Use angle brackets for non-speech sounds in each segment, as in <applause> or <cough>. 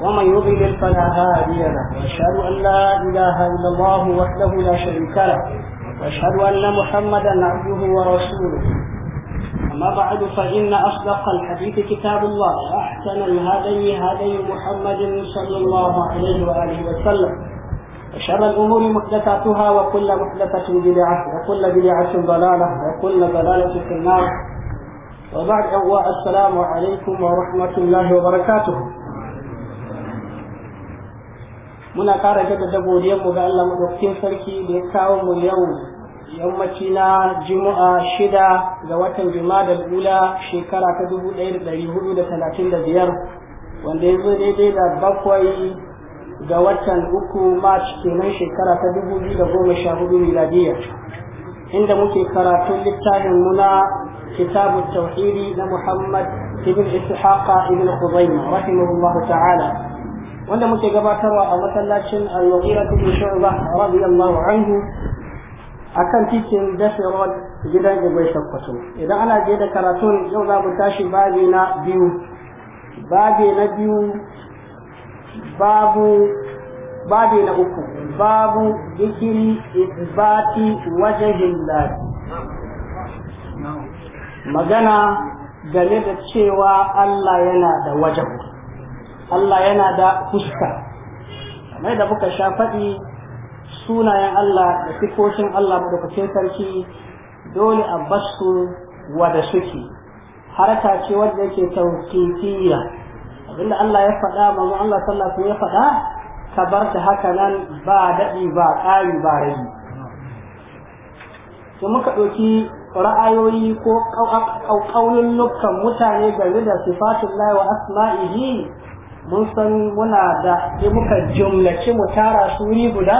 ومن يضلل فلا هادي له واشهد ان لا اله الا الله وحده لا شريك له واشهد ان محمدا عبده ورسوله اما بعد فان اصدق الحديث كتاب الله واحسن الهدي هدي محمد صلى الله عليه واله وسلم وشر الأمور محدثاتها وكل محدثة بدعة وكل بدعة ضلالة وكل ضلالة في النار وبعد السلام عليكم ورحمة الله وبركاته muna ƙara da godiyar mu ga Allah madaukakin sarki da ya kawo mu yau yammaci na juma'a shida ga watan da ula shekara ta dubu ɗaya da ɗari hudu da talatin da biyar wanda ya zo daidai da bakwai ga watan uku march kenan shekara ta dubu biyu da goma sha hudu miladiya inda muke karatun littafin muna kitabu tauhidi na muhammad ibn ishaqa ibn Khuzaimah rahimahullahu ta'ala wanda muke gabatarwa a masallacin al-Mughira bin Shu'ba radiyallahu anhu akan titin Dashi gidan Igwe Sokoto idan ana je da karatun yau za mu tashi babi na biyu babi na biyu babu babi na uku babu isbati wajahin magana game da cewa Allah yana da wajahu Allah yana da fuska kamar da muka sha faɗi sunayen Allah da sifofin Allah madaukakin sarki dole a basu wada suke haraka ce wadda yake tawqifiyya abinda Allah ya faɗa manzo Allah sallallahu alaihi ya faɗa ka bar ta haka nan ba daɗi ba ƙari ba ra'i, to muka ɗauki ra'ayoyi ko ƙaunin nukan mutane game da sifatun wa asma'ihi mun san muna da sai muka jumlace mu tara su wuri guda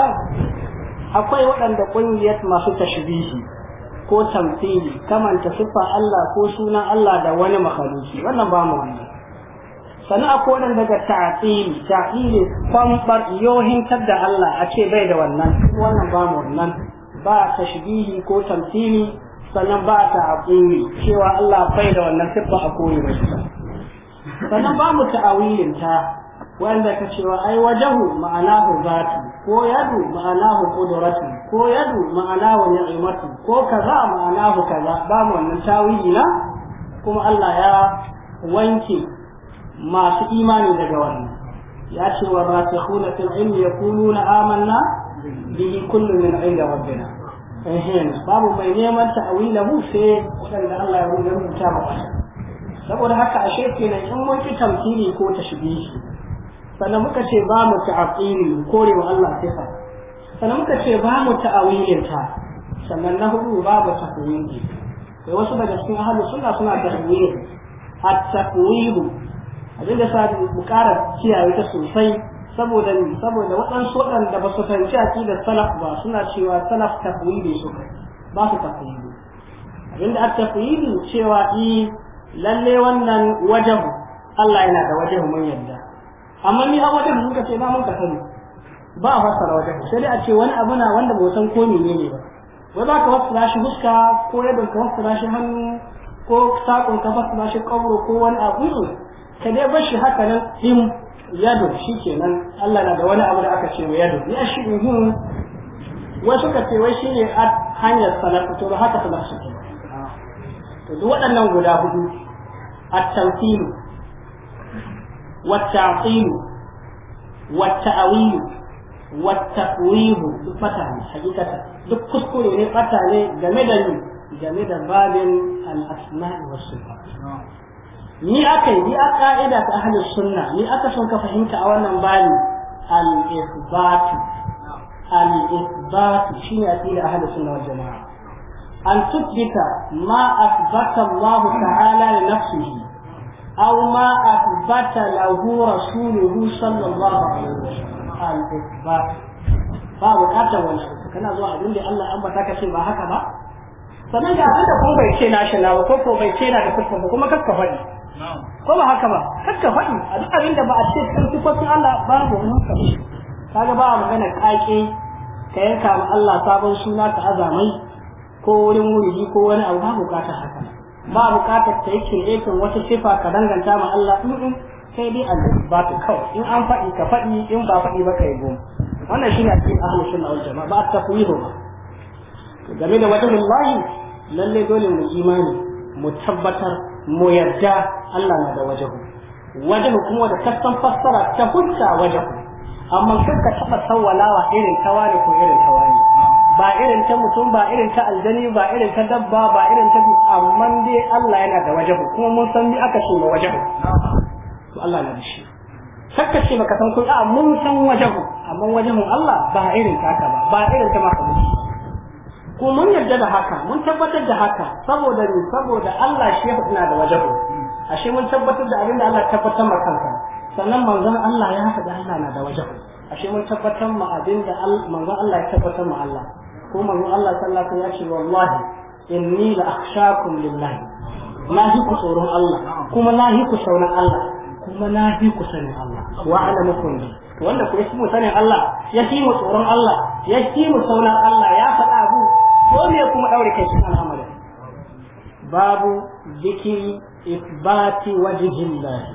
akwai waɗanda ƙungiyar masu tashbihi ko tamfili kamanta siffa Allah ko suna Allah da wani makaruki wannan ba mu wannan sana akwai waɗanda daga ta'tili ta'tili kwambar yohintar da Allah a ce bai da wannan wannan ba mu wannan ba tashbihi ko tamfili sannan ba ta'atsili cewa Allah bai da wannan siffa a koyi ba sannan ba mu ta'awilin ta wanda ka cewa ai wajahu ma'anahu zatu ko yadu ma'anahu qudratu ko yadu ma'anahu ni'matu ko kaza ma'anahu kaza ba mu wannan tawili na kuma Allah ya wanke masu imani daga wannan ya ce wa rasikhuna fil ilmi yaquluna amanna bihi kullu min 'inda rabbina eh babu mai neman ta'awilahu sai wanda Allah ya rubuta masa saboda haka ashe na in mun ki tamthili ko tashbihi sannan muka ce ba mu ta kore korewa Allah sifa sannan muka ce ba mu ta awilin ta sannan na hudu babu takwini kai wasu daga cikin ahlu sunna suna takwini at takwibu abin da sa bukara kiyaye ta sosai saboda saboda waɗansu waɗanda ba su fahimci aqidar salaf ba suna cewa salaf ne su ba su takwibi abin da at cewa i lalle wannan wajen Allah yana da wajen mun yadda amma ni a wajen mun ce na mun ka sani ba a fassara wajen sai dai a ce wani abu na wanda ba san ko menene ba wai za ka fassara shi huska ko yadda ka fassara shi hannu ko sakon ka fassara shi kabro ko wani abu ka dai bar shi haka nan him yado kenan Allah na da wani abu da aka ce wa yado ya shi him wasu suka ce wai shine hanyar salatu to haka salatu to duk waɗannan guda hudu التوكيل والتعطيل والتأويل والتقويم فتح حقيقة duk kuskure ne fata game da ni game da babin ni aka ni a ka'ida ta ahli sunna ni aka son ka fahimta a wannan bani al-isbat al-isbat shine aqida ahli sunna wal jamaa an tuthbita ma athbata Allah ta'ala li nafsihi أو ما أثبت له رسوله صلى الله عليه وسلم ba kana zuwa abin da Allah bata ka ba haka ba sannan ga abin da kuma bai ce nashi na ba ko ko bai ce na da kuma kakka faɗi ko ba haka ba kakka faɗi a duk abin da ba a ce kan sifofin Allah mun ka shi kaga ba magana kake ka yanka ma Allah sabon suna ka azamai ko wurin wuri ko wani abu ba bukata haka ba bukatar ta yi kiretin wata sifa ka danganta ma Allah in sai dai a ba ta kawai in an faɗi ka faɗi in ba faɗi ba ka yi goma wannan shi ne a cikin ahlus sunna wal jama'a ba ta kuyi ba game da wajen lahi lalle dole mu imani mu tabbatar mu yarda Allah na da wajahu wajahu kuma da kasan fassara ta hujja wajahu amma kan ka taba sawalawa irin tawani ko irin tawani ba irin ta mutum ba irin ta aljani ba irin ta dabba ba irin ta amma lalle Allah yana da wajahu kuma mun san ni aka ce ma wajahu to Allah na da shi sakka ce baka san kun a mun san wajahu amma wajahun Allah ba irin taka ba ba irin ta maka mushi ko mun yarda da haka mun tabbatar da haka saboda ni saboda Allah shi ya na da wajahu ashe mun tabbatar da abin da Allah tabbatar ma kanka sannan manzon Allah ya faɗi Allah na da wajahu ashe mun tabbatar ma abin da manzon Allah ya tabbatar ma Allah ko manzon Allah sallallahu alaihi wasallam ya ce wallahi inni la akhshakum lillahi na ku tsoron Allah kuma na ku sauran Allah kuma na ku sanin Allah wa alamukum bi wanda ku ismu sanin Allah ya shi mu tsoron Allah ya shi mu sauran Allah ya faɗa abu ko me kuma daure kai cikin al'amarin babu zikiri isbati wajhillahi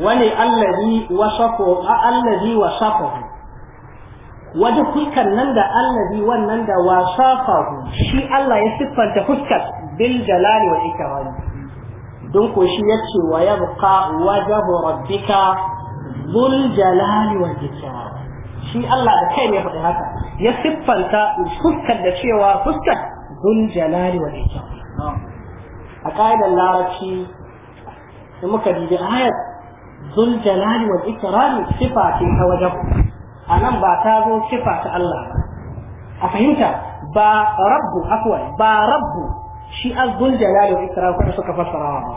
wani allazi wasafahu allazi wasafahu wani fuskan nan da allazi wannan da wasa wasafahu shi Allah ya siffanta fuskar bil jalali wa ikrami don ko shi yace wa yabqa wajhu rabbika dhul jalali wal ikram shi Allah da kai ne faɗi haka ya siffanta fuskar da cewa fuskar dhul jalali wal ikram a ƙa'idar larabci da muka dubi ayat dhul jalali wal ikram sifa ce ta wajen a nan ba ta zo sifa ta Allah a fahimta ba rabbu akwai ba rabbu shi azzul jalal wa ikram kuma suka fassara wa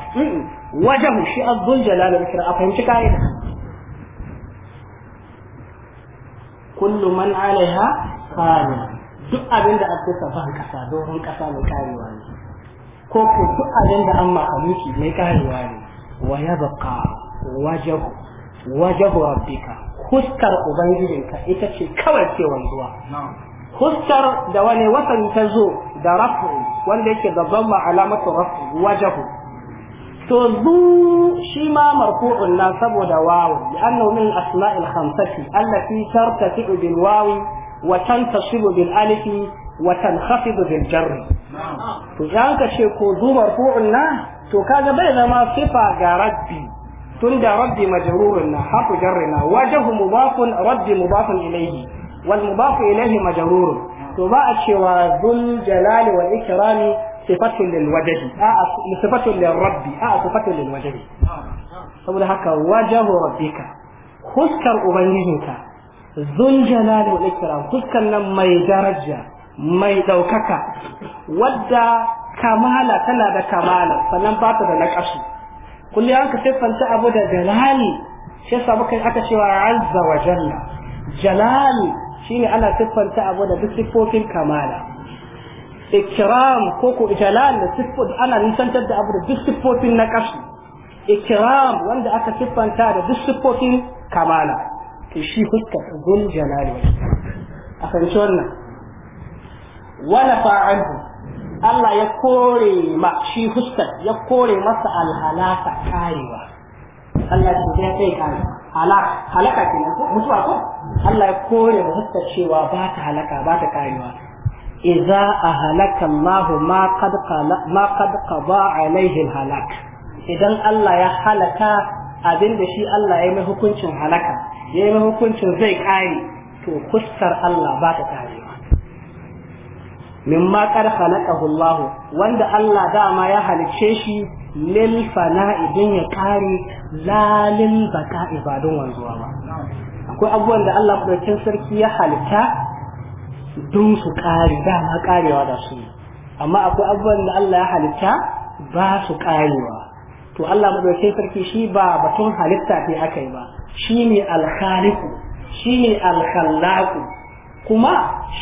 Wajen shi azzul jalal wa ikram a fahimci kaida kullu man alaiha fani duk abin da aka saba an kasa doron kasa mai karewa ne ko ko duk abin da an makamuki mai karewa ne wa yabqa wajahu wajahu rabbika huskar ubangijinka ita ce kawai ke wanzuwa huskar da wani watan ta zo da rafu wanda yake da zamma alamatu rafu wajahu to zu shi ma marfu'un na saboda wawu da annahu min asma'il khamsati allati tartafi'u bil wawi wa tantasibu bil alifi wa tankhafid bil jarri to yanka ce ko zu marfu'un na to kaga bai zama sifa ga rabbi tunda rabbi majrurun na hafu jarrina wajhu mudafun rabbi mudafun ilayhi wal mudafu ilayhi majrurun to ba a cewa zul jalali wal ikrami sifatun lil wajhi a sifatun lil rabbi a sifatun lil wajhi saboda haka wajahu rabbika huskar ubangijinka zul jalali wal ikram huskar nan mai daraja mai daukaka wadda kamala tana da kamala sannan ba ta da naƙasu kulli an ka siffanta abu da jalali shi yasa muka aka cewa azza wa jalla jalali shine ana siffanta abu da duk siffofin kamala ikram ko ko jalal da siffofin ana nisantar da abu da duk siffofin na kashi ikram wanda aka siffanta da duk siffofin kamala to shi huska zul jalali a fahimci wannan wala fa'anhu Allah ya kore ma shi hustar ya kore masa alhalaka karewa Allah ya ce kai kare halaka mutuwa ko Allah ya kore ma hustar cewa ba ta halaka ba ta karewa idza ahlaka Allah ma qad qala ma qad qada alaihi halak idan Allah ya halaka abin da shi Allah ya mai hukuncin halaka ya mai hukuncin zai kare to hustar Allah ba ta kare mimma qad khalaqahu Allah wanda Allah dama ya halicce shi lil fana'i ya kare zalin baka ibadun wanzuwa ba akwai abubuwan da Allah kudin sarki ya halitta dun su kare dama karewa da su amma akwai abubuwan da Allah ya halitta ba su karewa to Allah madaukakin sarki shi ba batun halitta ne akai ba shine al-khaliq shine al-khallaq kuma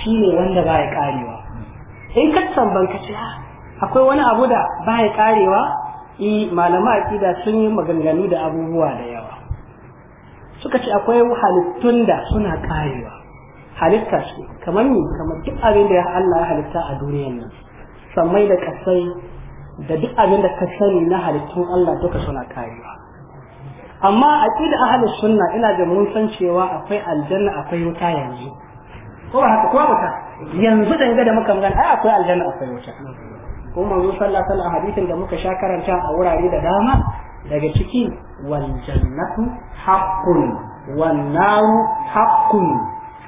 shine wanda ba ya karewa in ka tsamban ka ce ah, akwai wani abu da ba ya karewa yi e, malama aqida sun yi maganganu da abubuwa da yawa suka ce akwai halittun da suna karewa halitta su kamar ni kamar duk abin da ya Allah ya halitta a duniyar nan sammai da kasai da duk abin da ka sani na halittun Allah duka suna karewa amma a aqida ahlus sunna ina da mun san cewa akwai aljanna akwai wuta yanzu ko ba haka ko ba yanzu danga da muka magana ai akwai aljanna akwai wuta ko manzo sallallahu alaihi wasallam hadisin da muka sha karanta a wurare da dama daga ciki wal jannatu haqqun wan naru haqqun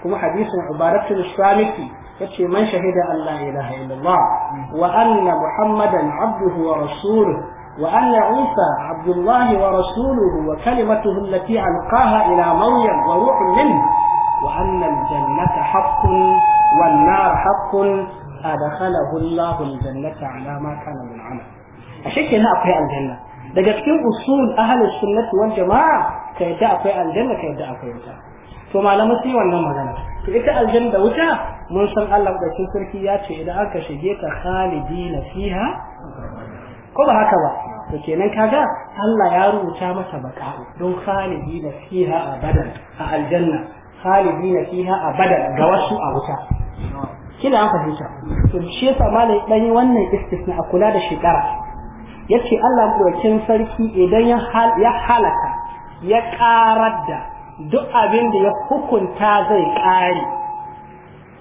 kuma hadisin ibaratul saliki yace man shahida an la ilaha illallah wa anna muhammadan abduhu wa rasuluhu Abdullahi wa وأن عيسى عبد الله ورسوله وكلمته التي ألقاها إلى مريم وروح منه وأن jannata حق والنار حق أدخله الله الجنة على ما كان من عمل أشكي لا أقوي الجنة daga cikin usul ahlus sunnati wal jamaa ka yadda akwai aljanna ka yadda akwai wuta to malamai sai wannan magana to ita aljanna da wuta mun san Allah madaukakin sarki ya ce idan aka shige ta khalidina fiha ko ba haka ba ba kenan kaga Allah ya rubuta masa baka don khalidina fiha abadan a aljanna khalidina fiha abada ga wasu a wuta Kina an fahimta to shi yasa malai dan wannan istisna a kula da shekara yace Allah murakin sarki idan ya ya halaka ya karar da duk abin da ya hukunta zai kare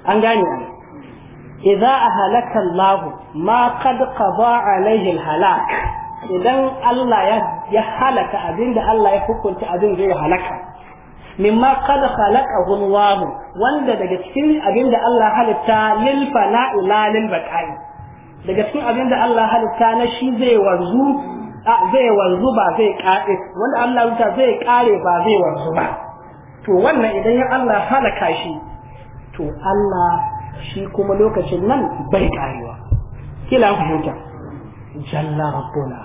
an gane an idza ahalaka Allah ma qad qada alaihi halak idan Allah ya halaka abin da Allah ya hukunta abin zai halaka mimma qad khalaqahu Allah wanda daga cikin abinda Allah halitta lil fana'i la lil baqa'i daga cikin abinda Allah halitta na shi zai wanzu zai wanzu ba zai kare wanda Allah halitta zai kare ba zai wanzu ba to wannan idan ya Allah halaka shi to Allah shi kuma lokacin nan bai karewa kila fahimta jalla rabbuna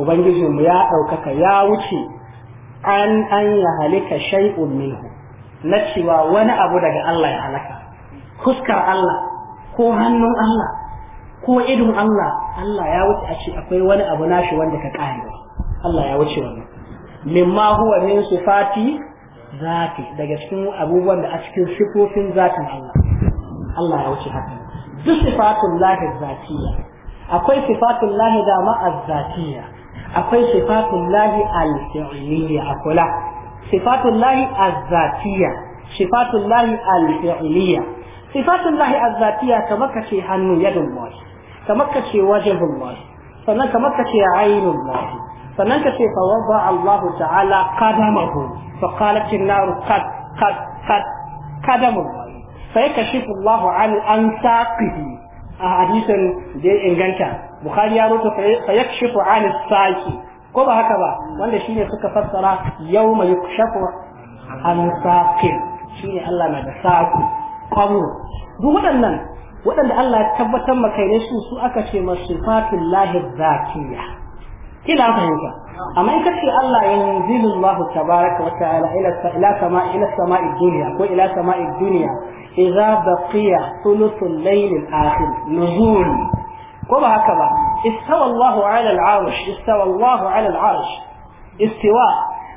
ubangijinmu ya ɗaukaka ya wuce an an ya halika shay'un minhu na cewa wani abu daga Allah ya halaka fuskar Allah ko hannun Allah ko idon Allah Allah ya wuce a ce akwai wani abu nashi wanda ka karewa Allah ya wuce wannan mimma huwa min sifati zati daga cikin abubuwan da a cikin sifofin zatin Allah Allah ya wuce haka duk sifatun lahi zatiya akwai sifatun lahi da ma'azzatiya akwai sifatun lahi al-fi'liya a kula sifatun lahi al-zatiya sifatun lahi al-fi'liya sifatun lahi al-zatiya kamar ka ce hannu yadun mahi kamar ka ce wajibun mahi sannan kamar ka ce ainun mahi sannan ka ce fawadda Allah ta'ala qadamahu fa qalat an-nar qad Sai ka qadamu Fulahu yakashifu an an saqihi a hadisin da inganta bukhari ya rutu fa yakshifu an saki ko ba haka ba wanda shine suka fassara yawma yukshafu an saqin shine Allah na da saku kwaro duk waɗannan waɗanda Allah ya tabbatar maka ne su su aka ce masifatul lahi zakiya kila fahimta amma in kace Allah yanzilu Allah tabaraka wa ta'ala ila ila sama ila sama'i dunya ko ila sama'i dunya idza baqiya thuluthul layl al-akhir nuzul ko ba haka ba istawa Allahu ala al-arsh istawa Allahu ala al-arsh istiwa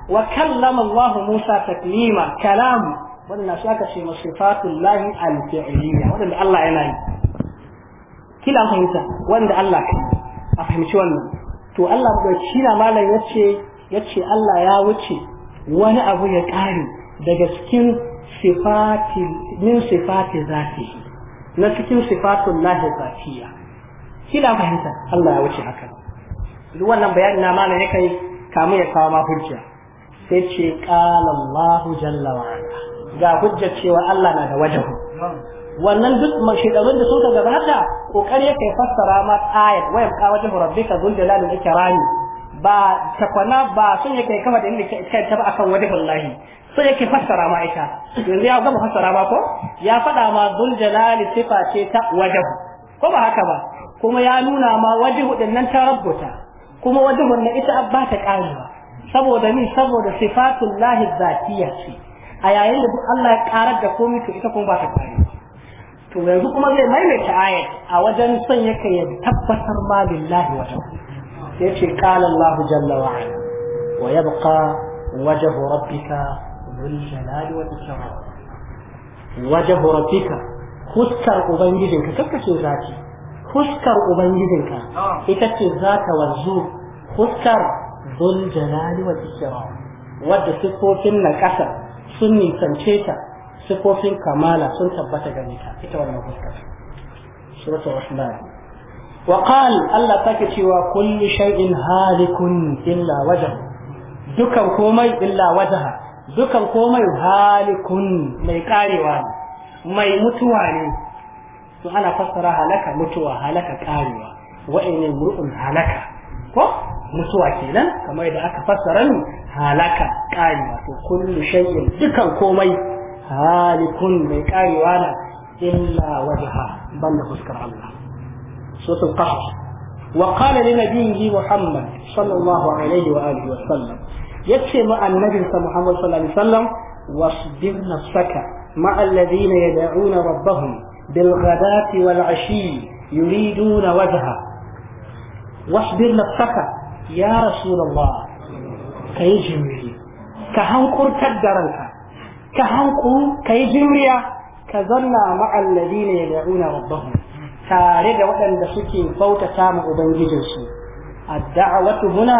wa kallama Allahu Musa taklima kalam wannan shi aka ce masifatul lahi al-fi'liyya wanda Allah yana yi kila fahimta wanda Allah kai a fahimci wannan to Allah ba shi na malam yace yace Allah ya wuce wani abu ya kare daga cikin sifati min sifati zatihi na cikin sifatun lahi zatiya kila fahimta Allah ya wuce haka duk wannan bayanin na malam ya kai kamun ya kawo ma hujja sai ce qala Allahu jalla wa ala ga hujja cewa Allah na da wajahu wannan duk mashidarin da suka gabata kokari kai fassara ma ayat wa yabqa wajhu rabbika dhul jalali wal ikram ba takwana ba sun yake kama da inda kai ta ba akan wajhu Allah sai yake fassara ma ita yanzu ya gama fassara ma ko ya fada ma dhul jalali sifa ce ta wajhu ko ba haka ba kuma ya nuna ma wajihu din nan ta rabbuta kuma wajihun na ita abba ta karewa saboda ni saboda sifatul lahi zatiyya ce a yayin da duk Allah ya karar da komai to ita kuma ba ta kare to yanzu kuma zai maimaita ayat a wajen son yake ya tabbatar ma billahi wajen yace qala Allah jalla wa ala wa yabqa wajhu rabbika dhul jalali wal ikram wajhu rabbika fuskar ubangijinka kakkace zaki fuskar ubangijinka ah. ita ce za ta wanzu fuskar zul jalali wa ikram wadda sifofin na ƙasa sun nisance ta sifofin kamala sun tabbata gare ta ita wannan fuskar suratul rahman wa qal Allah take cewa kullu shay'in halikun illa wajhu dukan komai illa wajha dukan komai halikun mai karewa mai mutuwa ne to ana fassara halaka mutuwa halaka karewa wa'innan mur'un halaka ko mutuwa kenan kamar da aka fassara ni halaka karewa to kullu shay'in dukan komai halikun mai karewa na illa wajha banda fuskar Allah suratul qasas وقال لنبيه محمد صلى الله عليه وآله وسلم يكفي مع النبي محمد صلى الله عليه وسلم واصبر نفسك مع الذين يدعون ربهم بالغداة والعشي يريدون وجهه واصبر نفسك يا رسول الله كي جمري كهنقر تدرنك كهنقر كي جمري كظن مع الذين يدعون ربهم تارد وأن دسكي فوت تام أبنجدس الدعوة هنا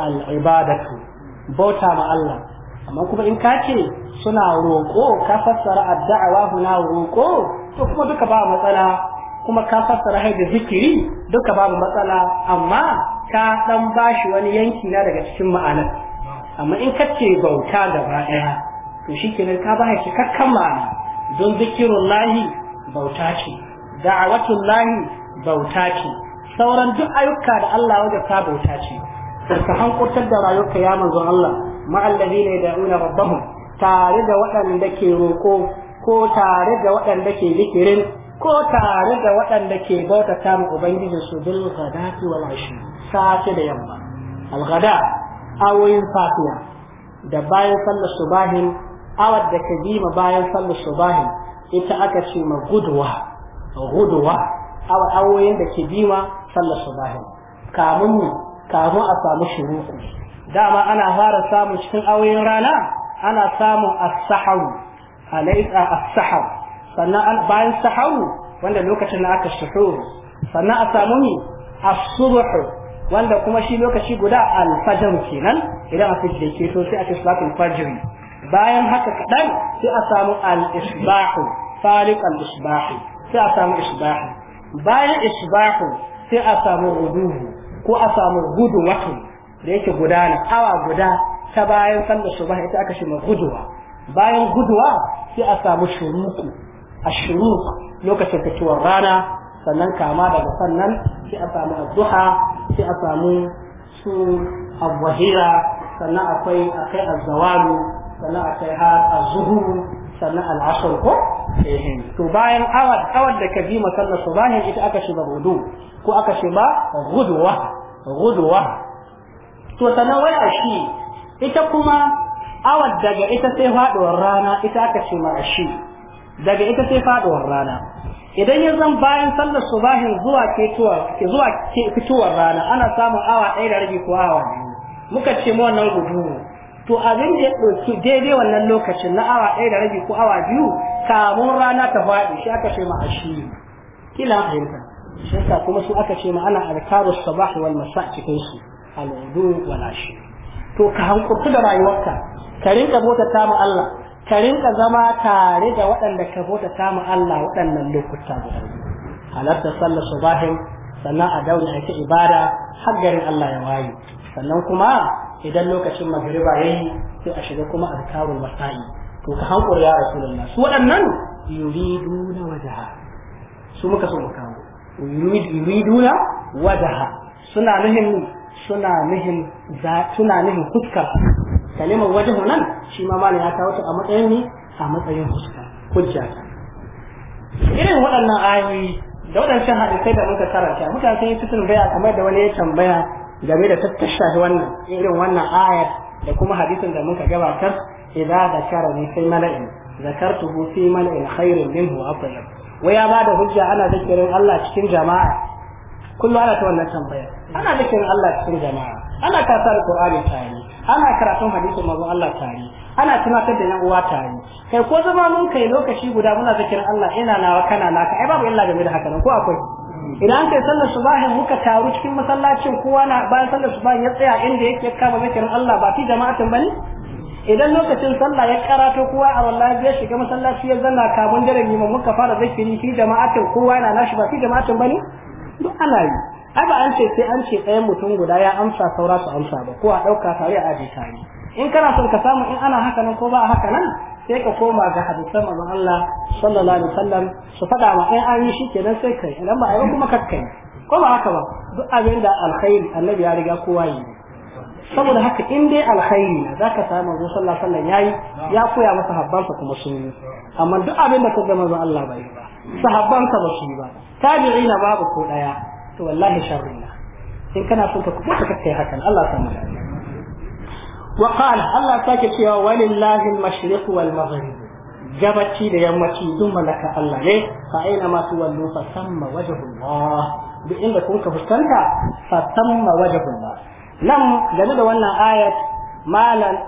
العبادة بوتا مع الله أما كما إن كاتي suna roƙo ka fassara addu'a huna roƙo to kuma duka ba matsala kuma ka fassara hai da zikiri duka babu matsala amma ka dan bashi wani yanki na daga cikin ma'anar amma in ka ce bauta gaba ɗaya to shikenan ka ba shi kakkan ma'ana don zikirun lahi bauta ce da'awatun bauta ce sauran duk ayyuka da Allah wajen ka bauta ce ka hankurtar da rayuwarka ya manzon Allah ma'allazi ne da'una rabbahum tare da waɗanda ke roƙo ko tare da waɗanda ke zikirin ko tare da waɗanda ke bautata ma ubangiji su bil ghadati wal ashi safe da yamma al ghada awoyin safiya da bayan sallar subahin awad da kadima bayan sallar subahin ita aka ce ma gudwa gudwa awa awoyin da kadima sallar subahin kamun kamun a samu shuruku dama ana fara samun cikin awoyin rana ana samun as-sahawu alaysa as-sahaw sannan bayan sahawu wanda lokacin da aka suhur sannan a samu ni as-subh wanda kuma shi lokaci guda al-fajr kenan idan a fice ke to sai a ce salatul fajr bayan haka kadan sai a samu al-isbah fariq al-isbah sai a samu isbah bayan isbah sai a samu ruduhu ko a samu gudu wato da yake gudana awa guda ta bayan sallar subah ita aka ce mai guduwa bayan guduwa sai a samu shuruku a shuruk lokacin fitowar rana sannan kama daga sannan sai a samu addu'a sai a samu su abwahira sannan akwai akai azzawalu sannan akai har azzuhuru sannan al'asr ko to bayan awad awad da ka bi masallar subahin ita aka shiga gudu ko aka shiga guduwa guduwa to sannan wai a shi ita kuma awad daga ita sai faduwar rana ita aka ce marashi daga ita sai faduwar rana idan ya zan bayan sallar subahin zuwa zuwa fitowar rana ana samun awa ɗaya da rabi ko awa biyu muka ce mu wannan gudu to abin da ya ɗauki daidai wannan lokacin na awa ɗaya da rabi ko awa biyu kamun rana ta faɗi shi aka ce ma'ashi kila ta. shi kuma su aka ce ma ana alkarus sabah wal masa cikin su al'udu wal ashi to ka hankurtu da rayuwarka ka rinka bota mu Allah ka rinka zama tare da waɗanda ka bota ta mu Allah waɗannan lokuta guda halarta sallar subahin sannan a daure a ta ibada har garin Allah ya waye sannan kuma idan lokacin magriba yayi sai a shiga kuma azkarul masa'i to ka hankuri ya rasulullah su waɗannan yuriduna wajaha su muka so mu kawo yuriduna wajaha suna nuhin suna nihin za suna fuskar kalimar wajen nan shi ma malam ya kawo ta a matsayin ne a matsayin fuska hujja irin waɗannan ayoyi da waɗancan hadisai da muka karanta mutane yi tutun baya kamar da wani ya tambaya game da tattashahi wannan irin wannan ayar da kuma hadisin da muka gabatar idza zakara ni sai mala'in zakartuhu fi mala'in khairun minhu afdal wa ya bada hujja ana zikirin Allah cikin jama'a kullu ana ta wannan tambaya ana nufin Allah cikin jama'a ana kasar Qur'ani tare ana karatun hadisin manzon Allah tare ana tunatar da yan uwa tare kai ko zama mun kai lokaci guda muna zikirin Allah ina nawa kana naka ai babu illa game da haka ko akwai idan kai sallar subahi muka taru cikin masallacin kowa na bayan sallar subahi ya tsaya inda yake kama zikirin Allah ba fi jama'atin bane idan lokacin sallah ya karato kowa a wallahi ya shiga masallaci ya zanna kamun dare ne muka fara zikiri fi jama'atin kowa na nashi ba fi jama'atin bane duk ana yi ai ba an ce sai an ce ɗayan mutum guda ya amsa saura su amsa ba ko a ɗauka tare a aje tare in kana son ka samu in ana haka nan ko ba haka nan sai ka koma ga hadisan manzon Allah sallallahu alaihi wasallam su faɗa ma in an yi shi kenan sai kai idan ba a yi kuma kakkai ko ba haka ba duk abin da alkhairi annabi ya riga kowa yi saboda haka in dai alkhairi na ka samu manzo sallallahu alaihi wasallam yayi ya koya masa habbansa kuma sun yi amma duk abin da ka ga manzo Allah bai ba sa ba su yi ba tabi'ina babu ko daya to wallahi sharrin na in kana son ka kuma ka kai hakan Allah ta mu wa qala Allah ke cewa walillahi al-mashriq wal maghrib gabaci da yammaci duk malaka Allah ne fa aina ma tuwallu fa samma wajhullah bi inda kun ka fuskanta fa samma wajhullah nan game da wannan ayat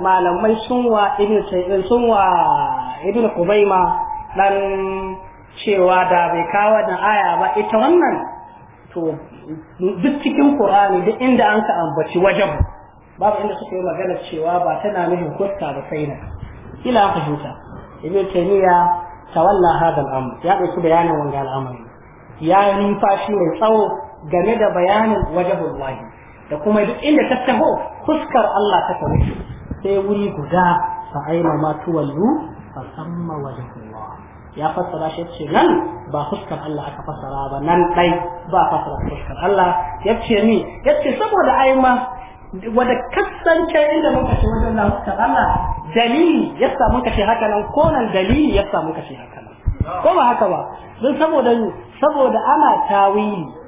malamai sun sunwa ibn sunwa ibn qubayma dan cewa da bai kawo da aya ba ita wannan to duk cikin Qur'ani duk inda an ka ambaci wajen. babu inda suka yi magana cewa ba tana nufin kusta da sai na kila an fahimta ibn taymiya tawalla hadal amr ya dauki bayanin wanga al'amari ya yi numfashi mai tsawo game da bayanin wajahul wahi da kuma duk inda ta taho fuskar Allah ta taho sai wuri guda fa aina ma tuwallu fa samma wajhullah ya fassara shi ce nan ba fuskar Allah aka fassara ba nan dai ba fassara fuskar Allah Ya ce ni ya ce saboda ai ma wanda kasance inda muka ce wajen Allah fuskar Allah dalili sa muka ce haka nan ko nan dalili sa muka ce haka nan ko ba haka ba don saboda saboda ana tawili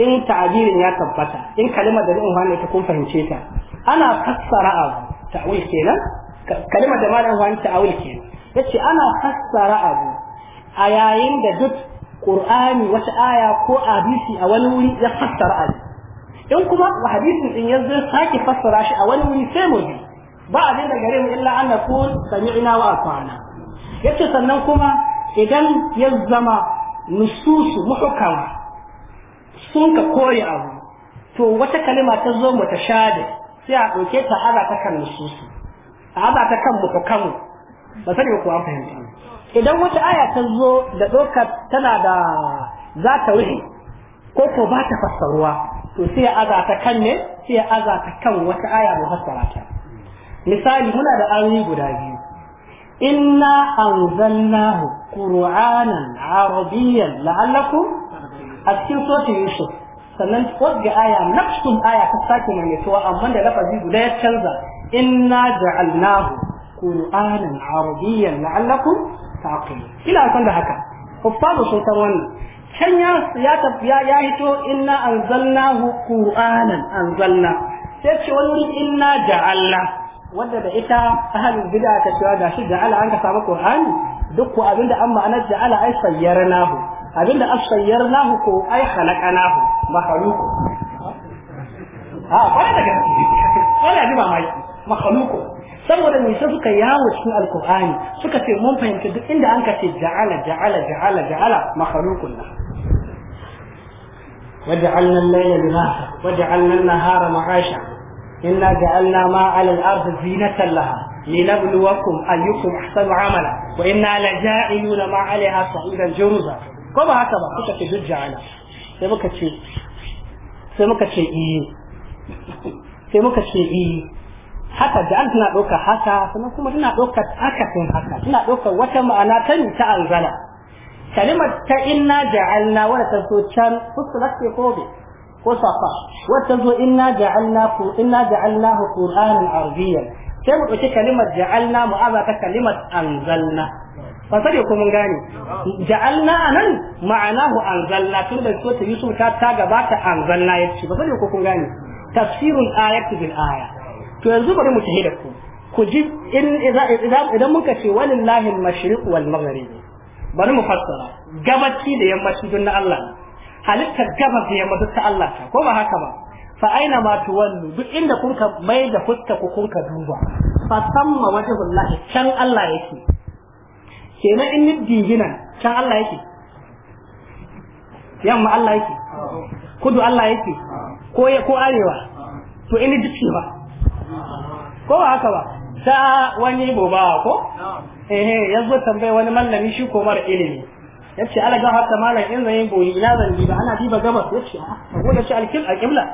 in ta'abirin ya tabbata in kalimar da in wani ta kun fahimce ta ana fassara abu ta'awil kenan kalimar da malam wani ta'awil kenan yace ana fassara abu a yayin da duk ƙur'ani wata aya ko hadisi a wani wuri ya fassara abu in kuma hadisin din yanzu sake fassara shi a wani wuri sai mu bi ba abin da gare mu illa an naqul sami'na wa asana yace sannan kuma idan ya zama nususu muhkama sun ka koyi abu to wata kalima ta zo mu ta shade sai a ɗauke ta aza ta kan nususu a aza ta kan muhukamu ba sani ko an fahimta idan wata aya ta zo da dokar tana da za ta wuce ko ko ba ta fassaruwa to sai ya aza ta kan ne sai ya aza kan wata aya da fassara ta misali muna da ayoyi guda biyu inna anzalnahu qur'anan arabiyyan la'allakum a cikin sotin yusuf sannan wadda aya nafsun aya ta sake mai amma da lafazi guda ya canza inna ja'alnahu qur'anan arabiyyan la'allakum taqilun ila san da haka huffazu sun san wannan can ya ya ya hito inna anzalnahu qur'anan anzalna wani wanda da ita ahlul bid'a ta cewa gashi ala an ka samu qur'ani duk ko abinda an ma'anar ala ai sayyarnahu abinda an sayyarnahu ko ai khalaqanahu makhluq ha da gaske makhluq saboda me sai suka yawo cikin alkur'ani suka ce mun fahimci duk inda an ka ce ja'ala ja'ala ja'ala ja'ala makhluqun la waja'alna al-layla libasa waja'alna an-nahara ma'asha inna ja'alna ma 'ala al-ardi zinatan laha linabluwakum ayyukum ahsanu 'amala wa inna laja'iluna ma 'alayha sa'idan juruza ko ba haka ba suka ce duk ja'ala sai muka eh. eh. haka da suna ɗaukar haka sannan kuma suna ɗaukar akasin haka Suna ɗaukar wata ma'ana ta ta anzala kalimar ta inna ja'alna wadda ta zo can fusulat ke kobe ko safa wadda ta zo inna ja'alna ku inna ja'alna hu qur'anan arabiyyan sai mu ɗauki kalimar ja'alna mu aza ta kalimar anzalna ban sani ko mun gane ja'alna anan ma'anahu anzalna tun da so ta yusuf ta ta gabata anzalna ya yace ban sani ko kun gane tafsirul ayati bil aya to yanzu bari mu tafi da ku ku ji idan muka ce walillahi al-mashriq wal maghrib bari mu fassara gabaci da yammaci don na Allah halitta gabas da yammaci ta Allah ta ko ba haka ba fa aina ma wallu duk inda kun ka mai da fuska ku kun ka duba fa samma wajhullahi can Allah yake kenan in ni digina can Allah yake yamma Allah yake kudu Allah yake ko ko arewa to ini ni ba ko ba haka ba ta wani bobawa ko ehe ya zo tambaye wani mallami shi ko mara ilimi ya ce ala gafa ta malam in zan yi boye ina zan diba ana diba gabas ya ce ah, a ko da ce alkil alkibla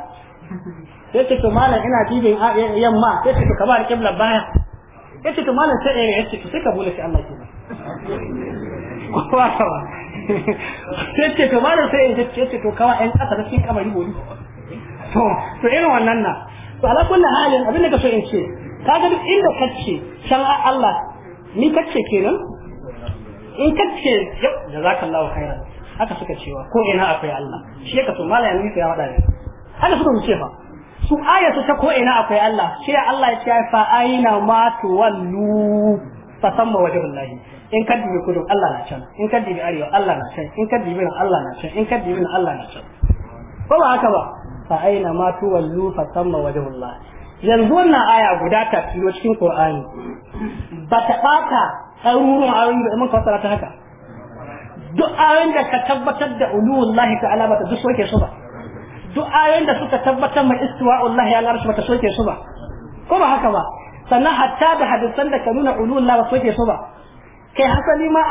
ya ce to malam ina dibin yamma ya ce to kamar kibla baya ya ce to malam sai ya ce to sai ka bula shi Allah ke ba sai <laughs> ce to malam sai ya ce to kawa ƴan ƙasa na cikin kamari boli to to irin wannan na to ala kullu halin abin da ka so in ce kaga duk inda kace can a Allah ni kace kenan in kace yau da jazakallahu khairan haka suka cewa ko ina akwai Allah shi ka to malayan ni ya wada ne haka suka mu fa su ayatu ta ko ina akwai Allah shi Allah ya ce fa aina ma tuwallu fa samma wajhullahi in ka dibi kudu Allah na can in ka dibi arewa Allah na can in ka dibi Allah na can in ka dibi Allah na can ko ba haka ba fa aina ma tuwallu fa samma wajhullahi yanzu wannan aya guda ta tilo cikin Qur'ani ba ta bata ɗaruruwan ayoyi da mun fassara ta haka duk ayoyin da ka tabbatar da uluwullahi ta'ala ba ta duk soke su ba duk ayoyin da suka tabbatar mai istiwa'ullahi ya larshi ba ta soke su ba ko ba haka ba sannan hatta da hadisan da ka nuna uluwullahi ba soke su ba kai hasali ma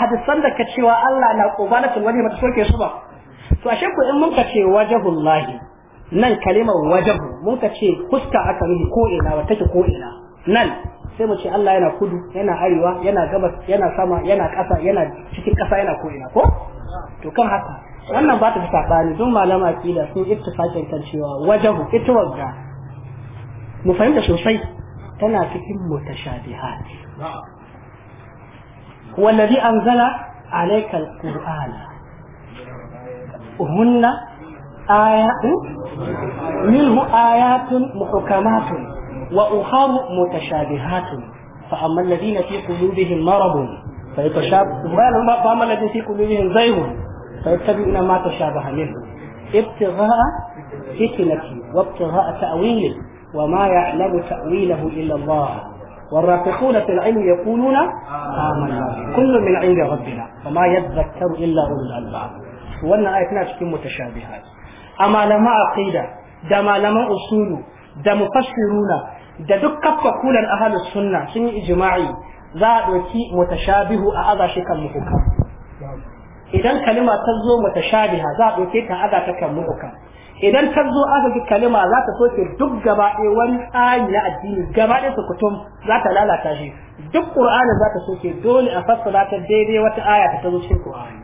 hadisan da ka cewa Allah na qubalatul wani ba ta soke su ba to ashe ko in mun ka ce wajhullahi nan kalimar wajahu mun ka ce fuska aka nufi ko'ina ina wa take ko'ina nan sai mu ce Allah yana kudu yana arewa yana gabas yana sama yana ƙasa yana cikin ƙasa yana ko'ina ko to kan haka wannan ba ta fi sabani don malama da sun ittifaqin kan cewa wajahu ita wanda mu fahimta sosai tana cikin mutashabihat wallazi anzala alayka alqur'ana umunna آيات منه آيات محكمات وأخر متشابهات فأما الذين في قلوبهم مرض فيتشابه فأما الذين في قلوبهم زيغ فيتبعون ما تشابه منه ابتغاء فتنة وابتغاء تأويل وما يعلم تأويله إلا الله والراسخون في العلم يقولون آمنا كل من عند ربنا وما يذكر إلا أولو الألباب وأن آيتنا تكون متشابهات a malaman aqida da malaman usulu da mufassiruna da duk kafa kulan ahlus sunna sun yi ijma'i za a dauki mutashabihu a aza shi kan muhukam idan kalima ta zo mutashabiha za a dauke ta aza ta kan muhukam idan ta zo aka ga kalima za ta soke duk gaba ɗaya wani tsari na addini gaba ɗaya su kutum za ta lalata shi duk ƙur'anin za ta soke dole a fassara ta daidai wata aya ta zo cikin ƙur'ani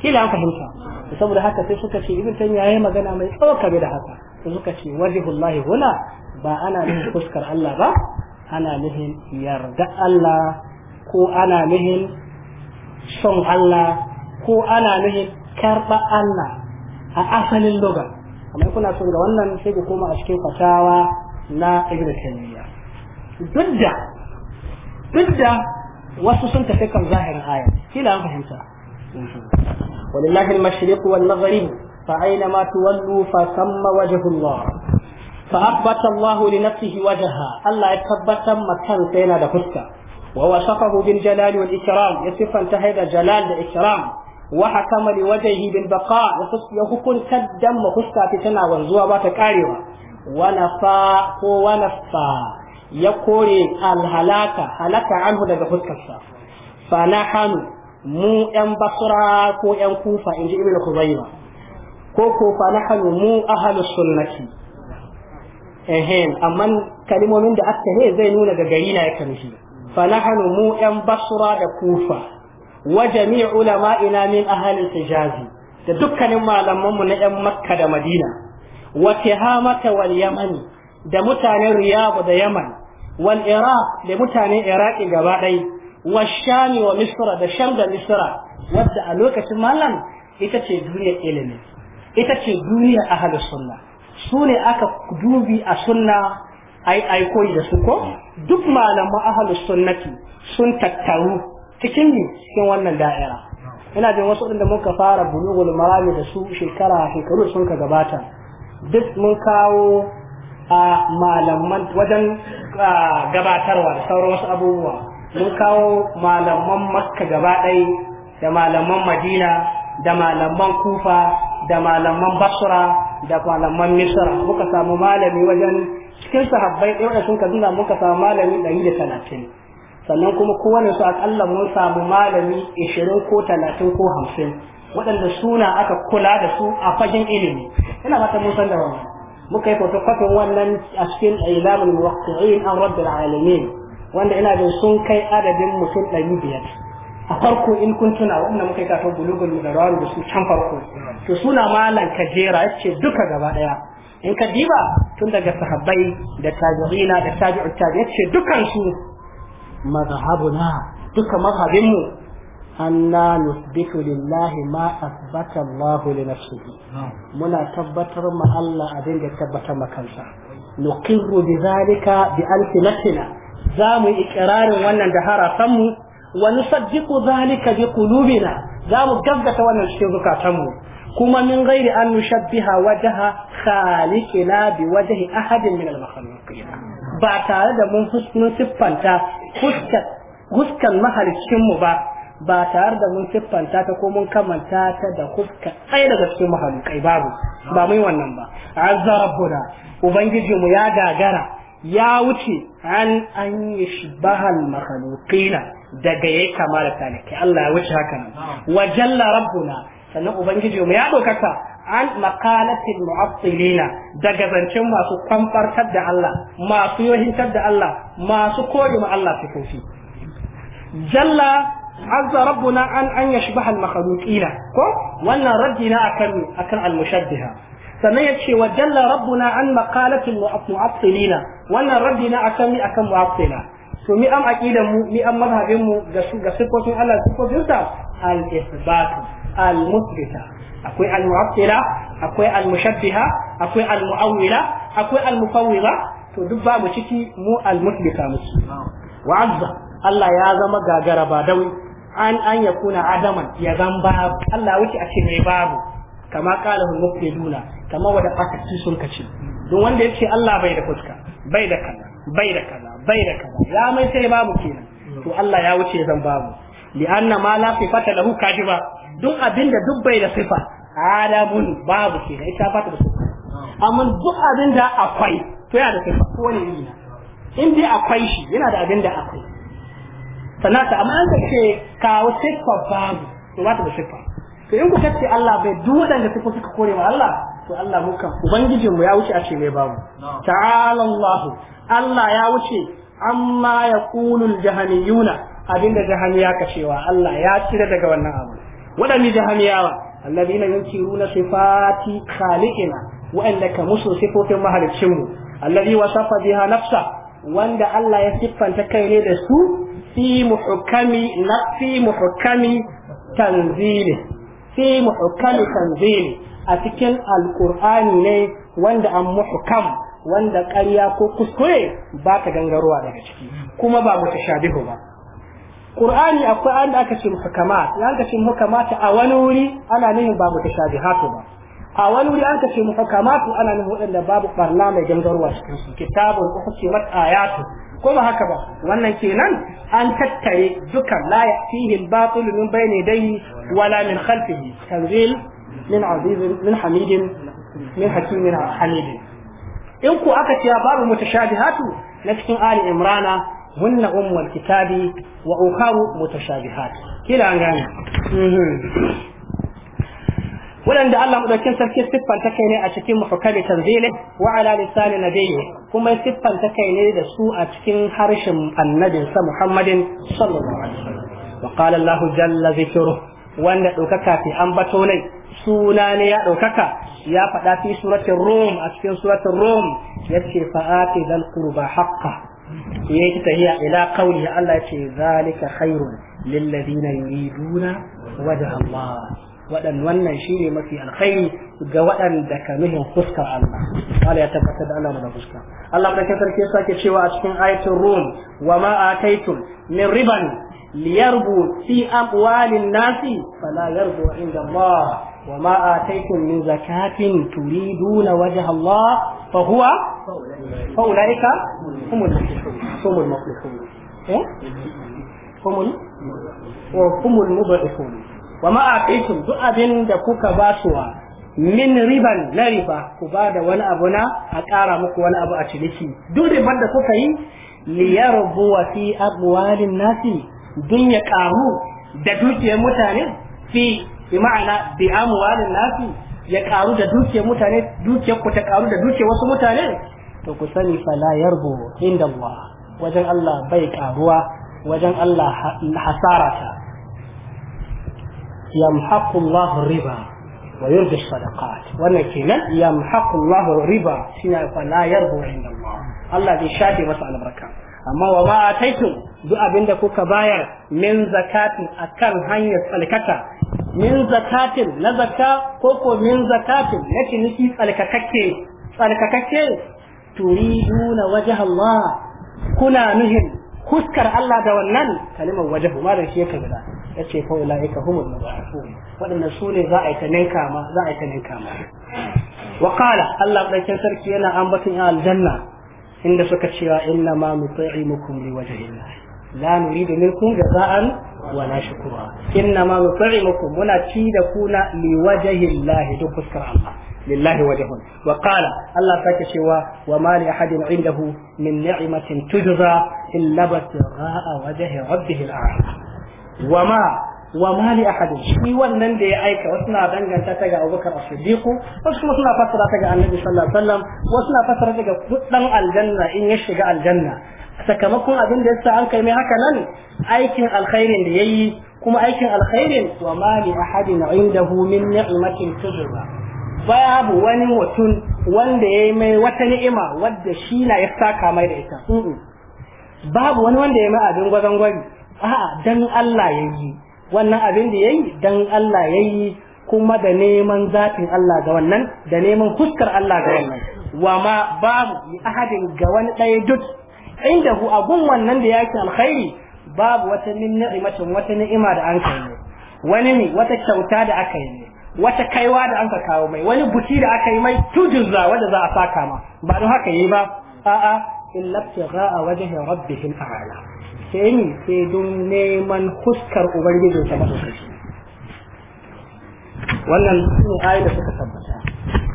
kila an fahimta saboda haka sai suka ce ibn taymiya yayi magana mai tsawo kabe da haka suka ce wajhullahi huna ba ana nufin fuskar Allah ba ana nufin yarda Allah ko ana nufin son Allah ko ana nufin karba Allah a asalin loga amma kuna son ga wannan sai ku koma a cikin fatawa na ibn taymiya duk da duk da wasu sun tafi kan zahirin aya kila an fahimta ولله المشرق والمغرب فأينما تولوا فثم وجه الله فأثبت الله لنفسه وجها ألا يتثبت مكان سينا دفسك ووصفه بالجلال والإكرام يصف انتهى الجلال والإكرام وحكم لوجهه بالبقاء يحكم كدم خسكة تنا والزوى وتكاريوة ونفى ونفى يقول الهلاك هلك عنه دفسك فنحن mu yan basra ko yan kufa in inji ibn khuzaima ko ko fa nahnu mu ahlus sunnati ehem amma kalimomin da aka ne zai nuna ga gari na ya kamshi fa nahnu mu yan basra da kufa wa jami'u ina min ahli hijazi da dukkanin malamanmu na yan makka da madina wa tihamata wal yamani da mutanen Riyabu da yaman wal iraq da mutanen iraki gaba ɗaya wa shami wa misra da sham da misra wadda a lokacin malam ita ce duniya ilimi ita ce duniyar ahal sunna su ne aka dubi a sunna ai ai koyi da su ko duk malaman ahal sunnati sun tattaru cikin cikin wannan da'ira ina jin wasu inda muka fara bulugul marami da su shekara shekaru sun ka gabata duk mun kawo a malaman wajen gabatarwa da sauran wasu abubuwa mun kawo malaman makka gaba ɗaya da malaman madina da malaman kufa da malaman basra da malaman misra muka samu malami wajen cikin sahabbai ɗaya da sun ka zuna muka samu malami ɗari da talatin sannan kuma kowane su aƙalla mun samu malami ishirin ko talatin ko hamsin waɗanda suna aka kula da su a fagen ilimi ina fata mun san da wannan muka yi fotokwafin wannan a cikin ilamin muwaqqi'in an rabbil alamin wanda ina jin sun kai adadin mutum ɗari biyar a farko in kun tuna wanda muka yi kato bulugul da rawan da su can farko to suna malan kajera ce duka gaba in ka diba tun daga sahabbai da tabi'ina da tabi'ut tabi ce dukan su mazhabuna duka mazhabin mu anna nusbitu lillahi ma asbata Allah li nafsihi muna tabbatar ma Allah abin da tabbatar makansa nuqirru bi zalika bi alsinatina za mu yi ikirarin wannan da harasanmu wa nusaddiqu zalika bi qulubina za mu gaggata wannan cikin zukatanmu kuma min ghairi an nushabbiha wajaha khaliqina bi wajhi ahadin min al-makhluqin ba tare da mun husnun siffanta huskan mahalicin mu ba ba tare da mun siffanta ta ko mun kamanta ta da huska tsaye daga cikin mahalukai babu ba mai wannan ba azza rabbuna ubangiji mu ya gagara ya wuce an an yi shibahal makhluqina daga yayi kama da talaki Allah ya wuce haka wa jalla rabbuna sannan ubangiji mu ya dokaka an maqalatil mu'attilina daga zancen masu kwamfartar da Allah masu yohintar da Allah masu koyi ma Allah sifofi jalla azza rabbuna an an yashbaha al makhluqina ko wannan raddina akan akan al mushaddiha sannan ya ce wa jalla rabbuna an maqalatul mu'attilina wannan rabbi na akan mi akan mu'attila to mi am aqidan mu mi am mazhabin mu ga su ga sifofin Allah sifofin sa al isbat al musbita akwai al mu'attila akwai al mushabbiha akwai al mu'awwila akwai al mufawwida to duk ba mu ciki mu al musbita musu wa azza Allah ya zama gagara ba dawi an an yakuna adaman ya zan babu Allah wuce a ce mai babu kama kala hun mafi duna kama wada fasaki sun kace don wanda ya ce Allah bai da fuska bai da kana bai da kana bai da kana ya mai sai babu kenan to Allah ya wuce zan babu li anna ma la fata lahu kadiba duk abinda duk bai da sifa adamun babu kenan ita fata da sifa amma duk abinda akwai to yana da sifa ko ne iri in dai akwai shi yana da abinda akwai sanata amma an ce kawo sifa babu to ba ta da sifa to in ku kace Allah bai duk waɗanda suka suka kore wa Allah to Allah muka ubangijin mu ya wuce a ce mai babu ta'ala Allah Allah ya wuce amma yaqulu al-jahaniyuna abinda jahaniya ka cewa Allah ya cire daga wannan abu waɗanne jahaniyawa alladina yunkiruna sifati khaliqina wa'anda ka musu sifofin mahaliccinmu allazi wasafa biha nafsa wanda Allah ya siffanta kai ne da su fi muhkami na fi tanzili fi muhkami tanzili a cikin alkur'ani ne wanda an muhkam wanda ƙarya ko kuskure ba ta gangarowa daga ciki kuma ba mutashabihu ba Qur'ani akwai an da aka ce muhkamat ya aka ce muhkamat a wani wuri ana nufin ba mutashabihatu ba a wani wuri an ka ce muhkamat ana nufin wadanda babu barna mai gangarowa cikin su kitabun uhsimat ayatu ko ba haka ba wannan kenan an tattare dukan la ya'tihi al-batil min bayni wala min khalfihi tanzil min aziz min hamid min hakim hamid in ku aka ce babu mutashabihatu na cikin ali imrana hunna ummul kitabi wa ukharu mutashabihat kila an gane mhm. waɗanda Allah madaukin sarki siffanta kai ne a cikin muhakkami tanzili wa ala lisani nabiyyi kuma siffanta kai ne da su a cikin harshen annabin sa Muhammadin sallallahu alaihi wa qala jalla dhikru wanda daukaka fi ambato ne suna ne ya ɗaukaka, ya faɗa fi suratul rum a cikin suratul rum yace fa'ati dal qurba haqqan yayi ta tahiya ila qawli Allah yace zalika khairun lil ladina yuriduna wajha Allah waɗan wannan shine mafi alkhairi ga waɗanda ka nuhin fuskar Allah Allah ya tabbatar da Allah mana fuska Allah ta sarki sake cewa a cikin ayatul rum wa ma min riban liyarbu fi amwalin nasi fala yarbu inda Allah wa ma ataitum min zakatin turiduna wajen Allah fa huwa fa ulaika eh? wa ma'aqaitum duk abin da kuka ba suwa min riban na riba ku ba da wani abu na a ƙara muku wani abu a ciniki duk riban da kuka yi liyarbu wa fi abwalin nasi dun ya ƙaru da dukiyar mutane fi bi ma'ana bi amwalin nasi ya ƙaru da dukiyar mutane dukiyar ku ta ƙaru da dukiyar wasu mutane to ku sani fala yarbu inda Allah wajen Allah bai ƙaruwa wajen Allah hasarata yamhaqu Allahu riba wa yurbi sadaqat wannan kenan yamhaqu Allahu riba shine fa la yarbu inda Allah Allah zai shafe masa albarka amma wa ma ataitum duk abinda kuka bayar min zakatin akan hanyar tsalkaka min zakatin na zakka ko ko min zakatin na ciniki tsalkakakke tsalkakakke turiduna wajha Allah kuna nuhin huskar Allah da wannan kalimar wajahu malam shi yake gada ya ce fa ulaika humul mudhafun wadannan su ne za a yi ta za a yi ta ninka Allah sarki yana ambaton ya aljanna inda suka cewa inna ma nut'imukum liwajhillah la nuridu minkum jaza'an wala shukura inna ma muna ci da kuna a duk fuskar Allah lillahi wajhun wa Allah sake cewa wa ma li ahadin indahu min ni'matin tujza illa bi wajhi rabbihil wa ma wa mali shi wannan da ya aika wasu na danganta ta ga Abubakar As-Siddiq wasu suna fassara ta ga Annabi sallallahu alaihi wasallam wasu na fassara ta ga aljanna in ya shiga aljanna sakamakon abin da yasa an kai mai haka nan aikin alkhairin da yayi kuma aikin alkhairin wa mali ahadin indahu min ni'matin tujza babu wani mutum wanda yayi mai wata ni'ima wadda shi na ya saka mai da ita babu wani wanda yayi mai abin gwazon gwari A'a, dan Allah yayi wannan abin da yayi dan Allah yayi kuma da neman zatin Allah ga wannan da neman fuskar Allah ga wannan wa ma babu ahadin ga wani ɗaya duk inda hu abun wannan da yake alkhairi babu wata ni'imatin wata ni'ima da an kai ne wani ne wata kyauta da aka yi ne wata kaiwa da an kawo mai wani buki da aka yi mai za wanda za a saka ma ba don haka yi ba a'a illa ibtigha'a wajhi rabbihil a'la sai ni sai don neman huskar ubangijin ta madaukaki wannan sun ayi da suka tabbata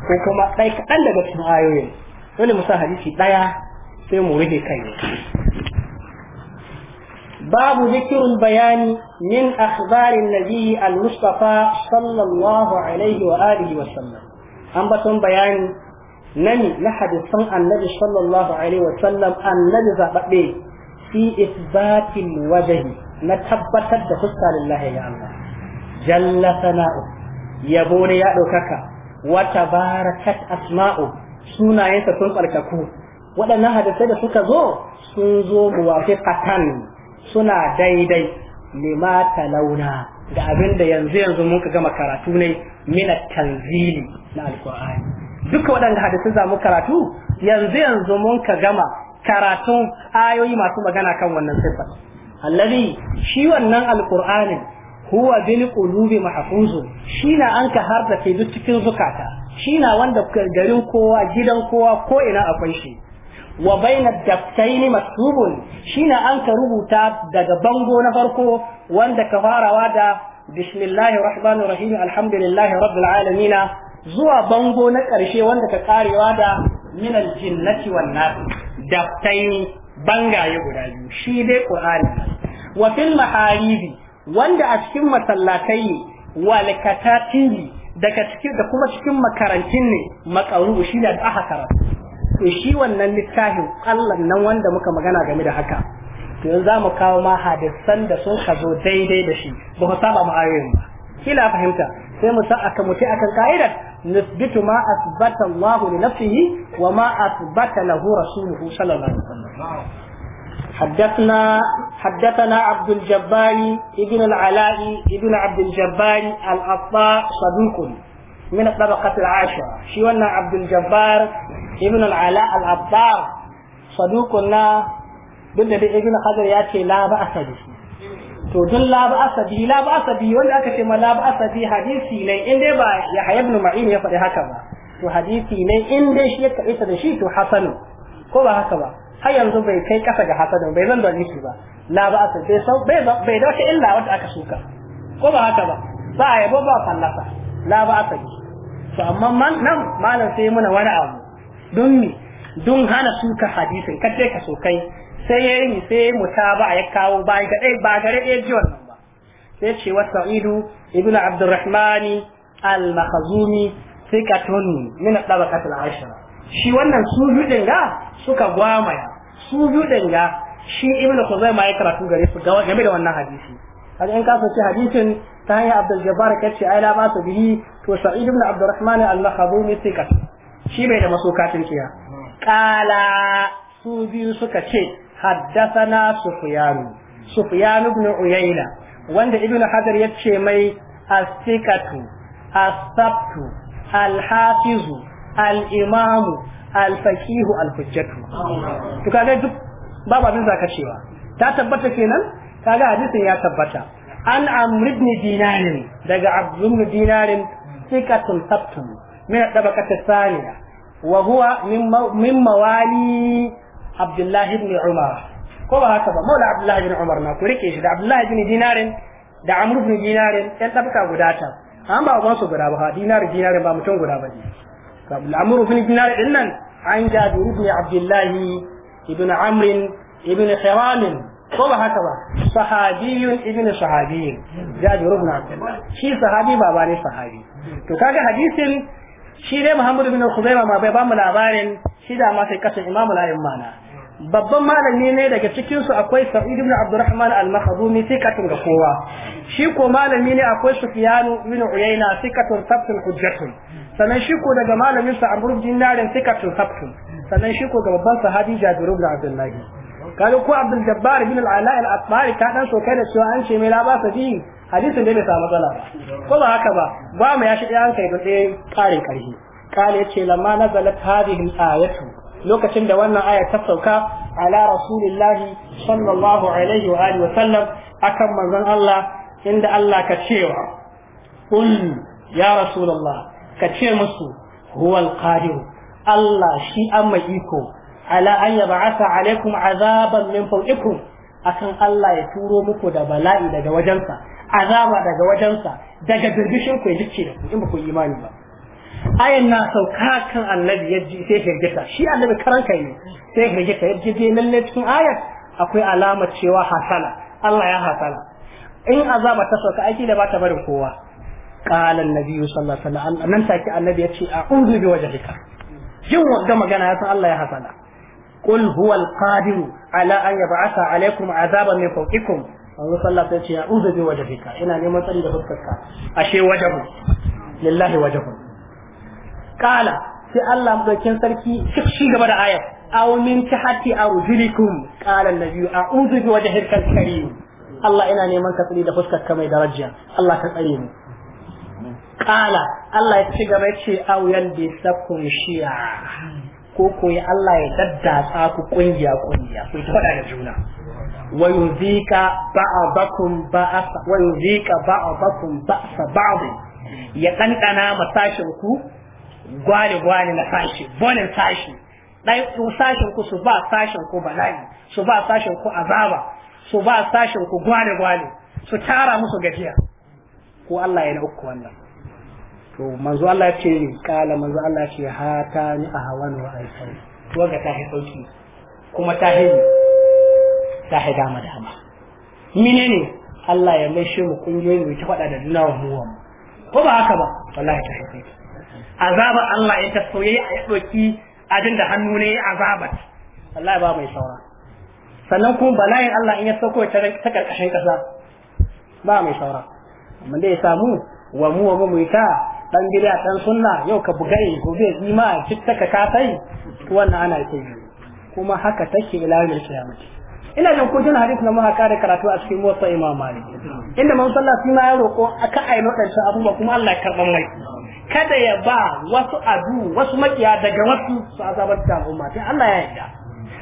ko kuma ɗaya kaɗan daga cikin ayoyin dole mu sa hadisi ɗaya sai mu rufe kai babu zikirun bayani min akhbarin nabiyyi al-mustafa sallallahu alaihi wa alihi wa sallam an baton bayani nani na hadisan annabi sallallahu alaihi wa sallam annabi zababbe fi isbatin wajahi na tabbatar da fuska lillahi ya Allah jalla sana'u yabo ne ya ɗaukaka wa tabarakat asma'u sunayensa sun tsarkaku waɗannan hadisai da suka zo sun zo muwafiqatan suna daidai lima talauna da abin da yanzu yanzu mun ka gama karatu ne min tanzili na Al-Qur'ani. duka waɗanda hadisai za mu karatu yanzu yanzu mun ka gama karatun ayoyi masu magana kan wannan sifa allazi shi wannan alqur'anin huwa bil qulubi mahfuzun shi na an ka harda kai duk cikin zukata shi na wanda garin kowa gidan kowa ko ina akwai shi wa baina daftaini maktubun na an ka rubuta daga bango na farko wanda ka farawa da bismillahir rahmanir rahim alhamdulillahi rabbil alamin zuwa bango na ƙarshe wanda ka karewa da minal jinnati wan daftai bangaye guda biyu shi dai qur'ani wa fil maharibi wanda a cikin masallatai wal katatini daga cikin da kuma cikin makarantun ne makaru shi da aka karatu to shi wannan littafin Allah nan wanda muka magana game da haka to yanzu zamu kawo ma hadisan da sun ka zo daidai da shi ba ku saba mu ayoyin ba kila fahimta sai mu sa aka mutu akan ka'idar nisbitu ma asbata Allah li nafsihi wa ma asbata lahu rasuluhu sallallahu alaihi wasallam حدثنا حدثنا عبد الجبار ابن العلاء ابن عبد الجبار الأطاء صدوق من الطبقة العاشرة شيوانا عبد الجبار ابن العلاء الأطاء صدوقنا ضد ابن حجر ياتي لا بأس به to dun la asabi la asabi wanda aka ce ma la asabi hadisi ne in dai ba ya hayab ibn ma'in ya faɗi haka ba to hadisi ne in dai shi ya kaita da shi to hasanu ko ba haka ba har yanzu bai kai ƙasa ga hasanu bai zan da shi ba la asabi bai bai da illa wanda aka suka ko ba haka ba ba a yabo ba fallasa la asabi to amma man nan malam sai muna wani abu dun ni hana suka hadisin kace ka so kai. sai ya yi sai mutaba ya kawo ba ga ba gare dai ji wannan ba sai ce wa sa'idu ibina abdurrahman al-makhzumi thiqatun min tabaqat al-ashara shi wannan su biyu ga suka gwamaya su biyu ga shi ibina ibnu khuzaima ya karatu gare su game da wannan hadisi kaga in ka soki hadisin ta hanyar Abdul Jabbar kace ai la ba su bihi to Sa'id ibn Abdurrahman al-Makhzumi thiqat shi bai da masokatin kiya qala su biyu suka ce haddathana sufyan sufyan ibn uyayna wanda ibn hajar yace mai as Asabtu, Alhafizu, al imamu al-faqihu al-hujjatu babu abin zaka cewa ta tabbata kenan kaga hadisin ya tabbata an amri ibn dinar daga abd ibn dinar sikatun sabtun min dabaqat thaniya wa huwa min mawali abdullahi ibn umar ko ba haka ba maula abdullahi ibn umar na ku rike shi da abdullahi ibn dinarin da amr ibn dinarin ɗan ɗabka guda ta an ba uban su guda ba dinarin dinarin ba mutum guda ba ne ga amr ibn dinarin din nan an ja jabir ibn abdullahi ibn amr ibn hiram ko ba haka ba sahabiyun ibn sahabiyun jabir ibn abdullahi shi sahabi ba ne sahabi to kaga hadisin shi ne muhammadu bin khuzaima ma bai ba mu labarin shi da ma sai kasan imamu la'imma na babban malami ne daga cikinsu akwai Sa'id ibn Abdurrahman al-Makhzumi sikatun ga kowa shi ko malami ne akwai Sufyan ibn Uyayna sikatun sabtun hujjatun sannan shi ko daga malamin sa Amr ibn Dinarin sikatun sabtun sannan shi ko ga babban sahabi Jabir ibn Abdullah kaga ko Abdul Jabbar ibn al-Ala al-Atbari ka dan so kai da cewa an ce mai labasa bi hadisin da bai samu matsala ko ba haka ba ba mu ya shi dan kai da tsayin karin karhi kale yace lamma nazalat hadhihi al lokacin da wannan aya ta sauka ala rasulillahi sallallahu alaihi wa alihi wa sallam akan manzon Allah inda Allah ka cewa qul ya rasulullah ka ce musu ruwan qadir Allah shi an mai iko ala an yab'atha alaikum azaban min fawqikum akan Allah ya turo muku da bala'i daga wajensa azaba daga wajensa daga birbishin ku ya jicce da ku in ba ku imani ba ayan na sauka kan annabi ya ji sai hirgita shi annabi karanka ne sai hirgita ya ji dai lalle cikin ayat akwai alamar cewa hasala Allah ya hasala in azaba ta sauka aiki da ba ta barin kowa qala annabi sallallahu alaihi wasallam nan take annabi ya ce a'udhu bi wajhika jin wanda magana ya san Allah ya hasala qul huwa al-qadir ala an yab'atha alaykum azaban min fawqikum Allah sallallahu alaihi wasallam ya ce a'udhu bi wajhika ina neman tsari da fuskarka ashe wajabu lillahi wajabu kala sai Allah madaukin sarki shi gaba da ayat aw min tahti arjulikum qala an-nabi a'udhu bi wajhikal karim Allah ina neman ka tsiri da fuskar ka mai daraja Allah ka tsare mu kala Allah ya ci gaba ce aw yalbi sakum shi'a ko koyi Allah ya daddatsa ku kungiya kungiya ku fada da juna wa yuzika ba'dakum ba'as wa yuzika ba'dakum ba'sa ba'd ya kankana masashin ku gwale gwale na sashi bonin sashi dai sashin ku su ba sashin ku bala'i su ba sashin ku azaba su ba sashin ku gwale gwale su tara musu gajiya ko Allah ya dauko wannan to manzo Allah ya ce kala manzo Allah ya ce hatani hawan wa aisan to ga ta sauki kuma ta hiji ta hida dama dama menene Allah ya mai shi mu kungiyoyi mu ta faɗa da dunawa mu ko ba haka ba wallahi ta haife azaba Allah ya taso yayi a doki abin da hannu ne ya azaba wallahi ba mai saura sannan kuma bala'in Allah in ya sauko ta ta karkashin kasa ba mai saura amma dai samu wa mu wa mu ta dan gida dan sunna yau ka bugai gobe ma cittaka ka sai wannan ana yi. kuma haka take ila yau kiyamati ina jin ko jin hadisi na haka da karatu a cikin motsa imam malik inda man sallah suna ya roko aka aino dan abubuwa kuma Allah ya karban mai kada ya ba wasu adu wasu makiya daga wasu su azabar da al'umma sai Allah ya yarda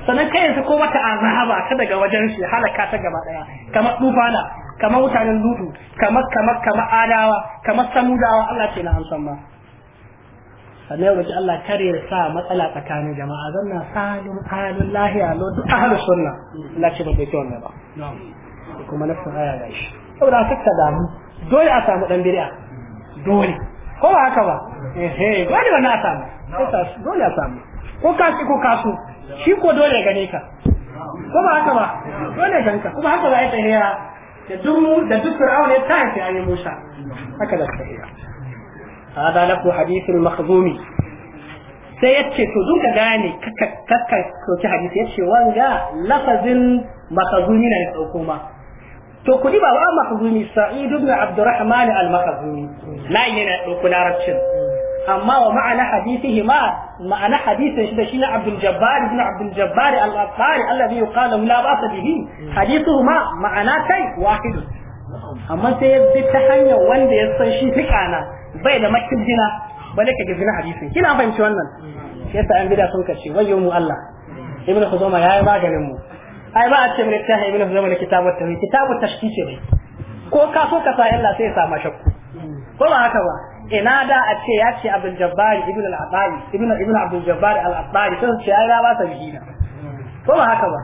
sannan kai yanzu ko wata azaba ta daga wajen shi halaka ta gaba daya kamar tufana kamar mutanen lutu kamar kamar kamar adawa kamar samudawa Allah ce na san ma sannan yau Allah kare sa matsala tsakanin jama'a zanna salim halin lahiya lo duk ahlus sunna Allah ce bai ce wannan ba kuma nafsin aya shi saboda haka damu dole a samu dan bid'a dole ko ba haka ba eh dole ba na samu su dole a samu ko kasu ko kasu shi ko dole gane ka ko ba haka ba dole Ko kuma haka za a yi tahiya da duk da duk fir'aun ne ta haifi an yi musa haka da tahiya hada na ku hadithul makhzumi sai yace to duka gane kakka kakka soki hadisi yace wanga lafazin makhzumi na da dauko to kudi ba wa makhzumi sa'id ibn abdurrahman al-makhzumi la yana doku larabcin amma wa ma'ana hadithihi ma ma'ana hadithin shi da shi na Abdul Jabbar ibn Abdul Jabbar al-Attar alladhi yuqalu la ba'sa bihi ma ma'ana kai wahid amma sai yadda ta hanyar wanda ya san shi fiqana bai da makijina bale ka gizina hadisin kina fahimci wannan yasa an gida sun kace wajen mu Allah ibn Khuzaimah yayi maganin mu ai ba a ce mai tahi ibn Hazm ne kitabu tawhid kitabu tashkiki ne ko ka so ka sa Allah sai ya sama shaku ko ba haka ba ina da a ce ya ce Abdul Jabbar ibn al-Abadi ibn ibn Abdul Jabbar al-Abadi sai ce ai ba sa ko ba haka ba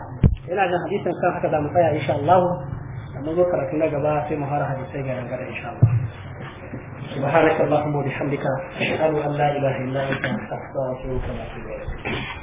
ina da hadisin kan haka za mu tsaya insha Allah amma zo karatu na gaba sai mu fara hadisai ga dangare insha Allah سبحانك اللهم وبحمدك لا